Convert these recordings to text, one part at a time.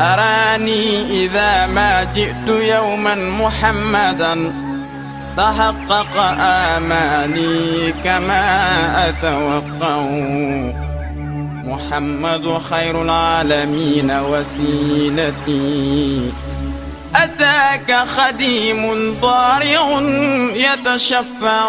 أراني إذا ما جئت يوما محمدا تحقق آماني كما أتوقع محمد خير العالمين وسيلتي أتاك خديم ضارع يتشفع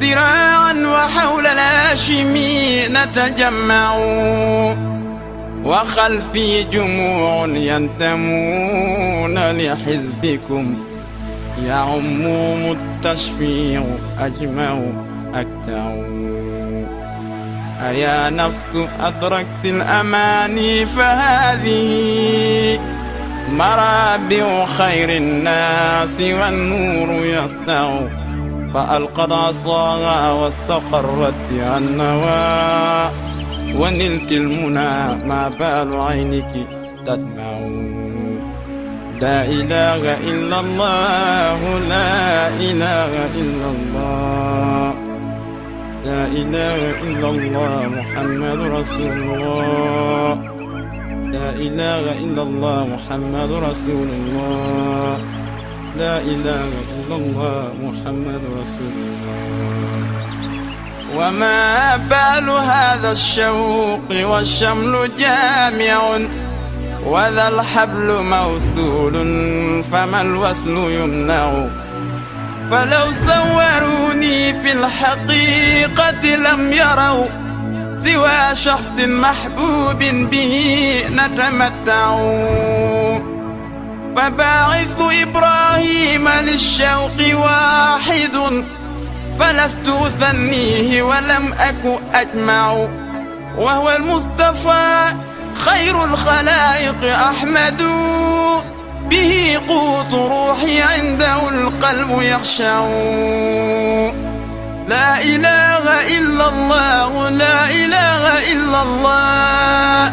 ذراعا وحول الهاشمي نتجمع وخلفي جموع ينتمون لحزبكم يعمهم التشفيع أجمع أكتع أيا نفس أدركت الأماني فهذه مرابع خير الناس والنور يسطع فألقت عصاها واستقرت بها النوى ونلت المنى ما بال عينك تدمع لا إله إلا الله لا إله إلا الله لا إله إلا الله محمد رسول الله لا إله إلا الله محمد رسول الله لا إله illallah محمد رسول الله وما بال هذا الشوق والشمل جامع وذا الحبل موصول فما الوصل يمنع فلو صوروني في الحقيقة لم يروا سوى شخص محبوب به نتمتع فباعث إبراهيم للشوق واحد فلست أثنيه ولم أك أجمع وهو المصطفى خير الخلائق أحمد به قوت روحي عنده القلب يخشع لا إله إلا الله لا إله إلا الله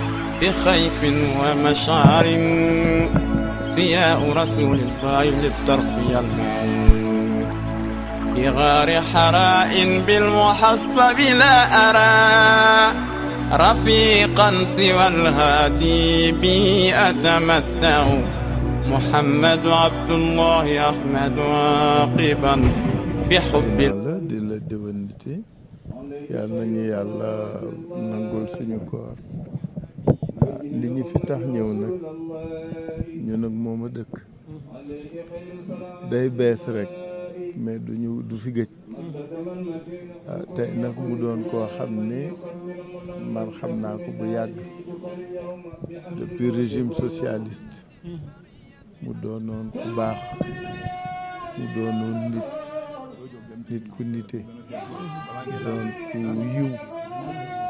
بخيف ومشعر ضياء رسول الله للطرف يلمع بغار حراء بالمحصب لا أرى رفيقا سوى الهادي بي أتمتع محمد عبد الله أحمد عاقبا بحب yàlla nañu yàlla nangul suñu koor li ñu fi tax ñëw nag ñu nag moom a dëkk day bees rek mais duñu du fi gëj ah tey nag mu doon koo xam ni man xam naa ko bu yàgg depuis régime socialiste mu doonoon ku baax mu doonoon nit ku nite doon ku yiw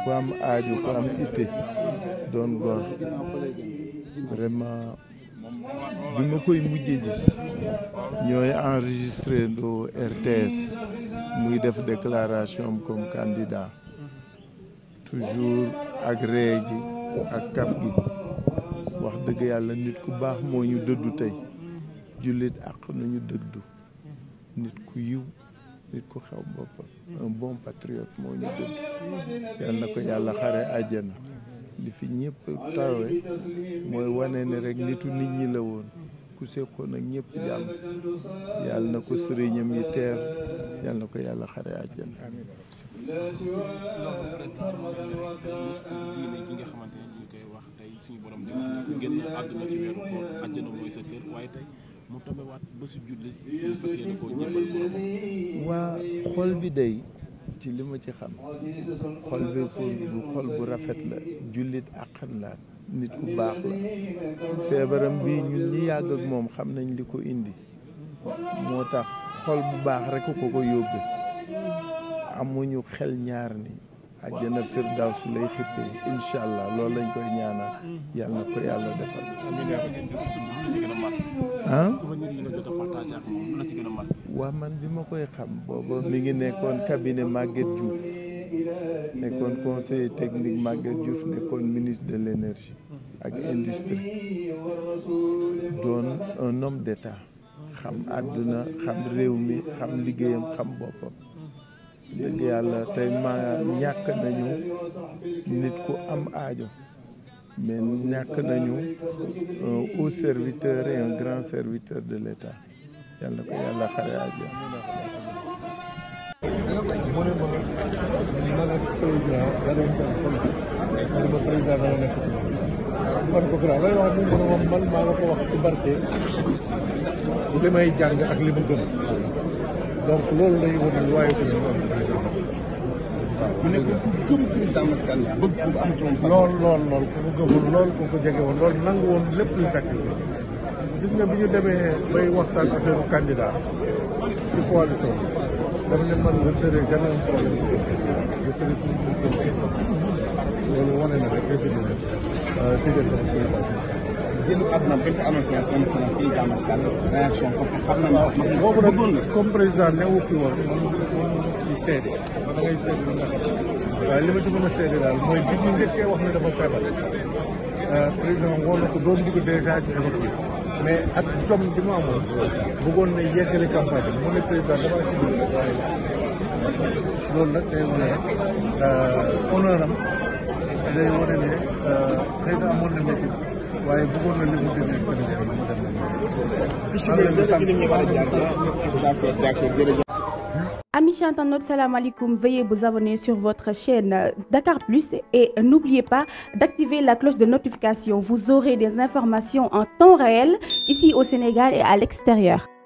ku am aaju ku am itte doon góor vraiment bi ma koy mujjee gis ñooy enregistré do RTS muy def déclaration comme candidat toujours ak ree ak kaf gi wax dëgg yàlla nit ku baax moo ñu dëddu tey jullit ak nañu dëddu nit ku yiw nit ku xew boppam un bon patriote moo ñu dëgg yal na ko yàlla xare àjjana di fi ñépp tawe mooy wane ni rek nitu nit ñi la woon ku sekkoon ak ñëpp jàmm yal na ko sëriñam yi teer yal na ko yàlla xare àjjana suñu borom def ku génn àdduna ci weeru koor àjjana mooy sa kër waaye tey mu tombewaat ba su julli ñu fas yéene koo ñëppal ko waa xol bi dey ci li ma ci xam xol bi bu xol bu rafet la jullit àqan la nit ku baax la feebaram bi ñun ñi yàgg ak moom xam nañ li ko indi moo tax xol bu baax rekk ko ko yóbbe amuñu xel ñaar ni àjjana firdaws lay xippee incha allah loolu lañ koy ñaanal yàlla ko yàlla defal. ah. waaw man bi ma koy xam booba mi ngi nekkoon cabinet Maguette Diouf nekkoon conseiller technique Maguette Diouf nekkoon ministre de l'énergie ak industrie doon un homme d'état xam àdduna xam réew mi xam liggéeyam xam boppam. dëgg yàlla tey ma ñàkk nañu nit ku am aajo mais ñàkk nañu un euh, haut serviteur et un grand serviteur de l'État yàlla ko yàlla xare aajo man ko grand lay wax ni mu ne ko wax ci barke li may jàng ak li mu donc loolu la a waaye ko mu nekk ku gëm président Macky Sall bëgg ku lool lool lool ku ko gëmoon lool ku jege woon lool nangu woon lépp lu fekk gis nga bi ñu demee bay waxtaan affaire candidat ci coalition daf ne man nga tëree jamais un problème nga tëree tout le monde génn àdduna bi nga ko amal seen seen seen président Macky Sall réaction parce que xam nañ wax nga ko bëggoon nga. comme président newu fi woon moom moom ci seede da ngay seede lu nga xam waaye li ma ci mën a seede daal mooy bi ñu njëkkee wax ne dafa feebar euh, président woo na ko doon di ko dèjà ci évoqué mais ak com bi mu amoon bëggoon na yeggali campagne bi mu ne président dafa am ci loolu nag day wane euh, honneur am day wane ne euh, xëy na amoon na métier waaye bëggoon na li mu demee sur votre chaîne Dakar Plus et n'oubliez pas d'activer la cloche de notification. Vous aurez des informations en temps réel ici au Sénégal et à l'extérieur.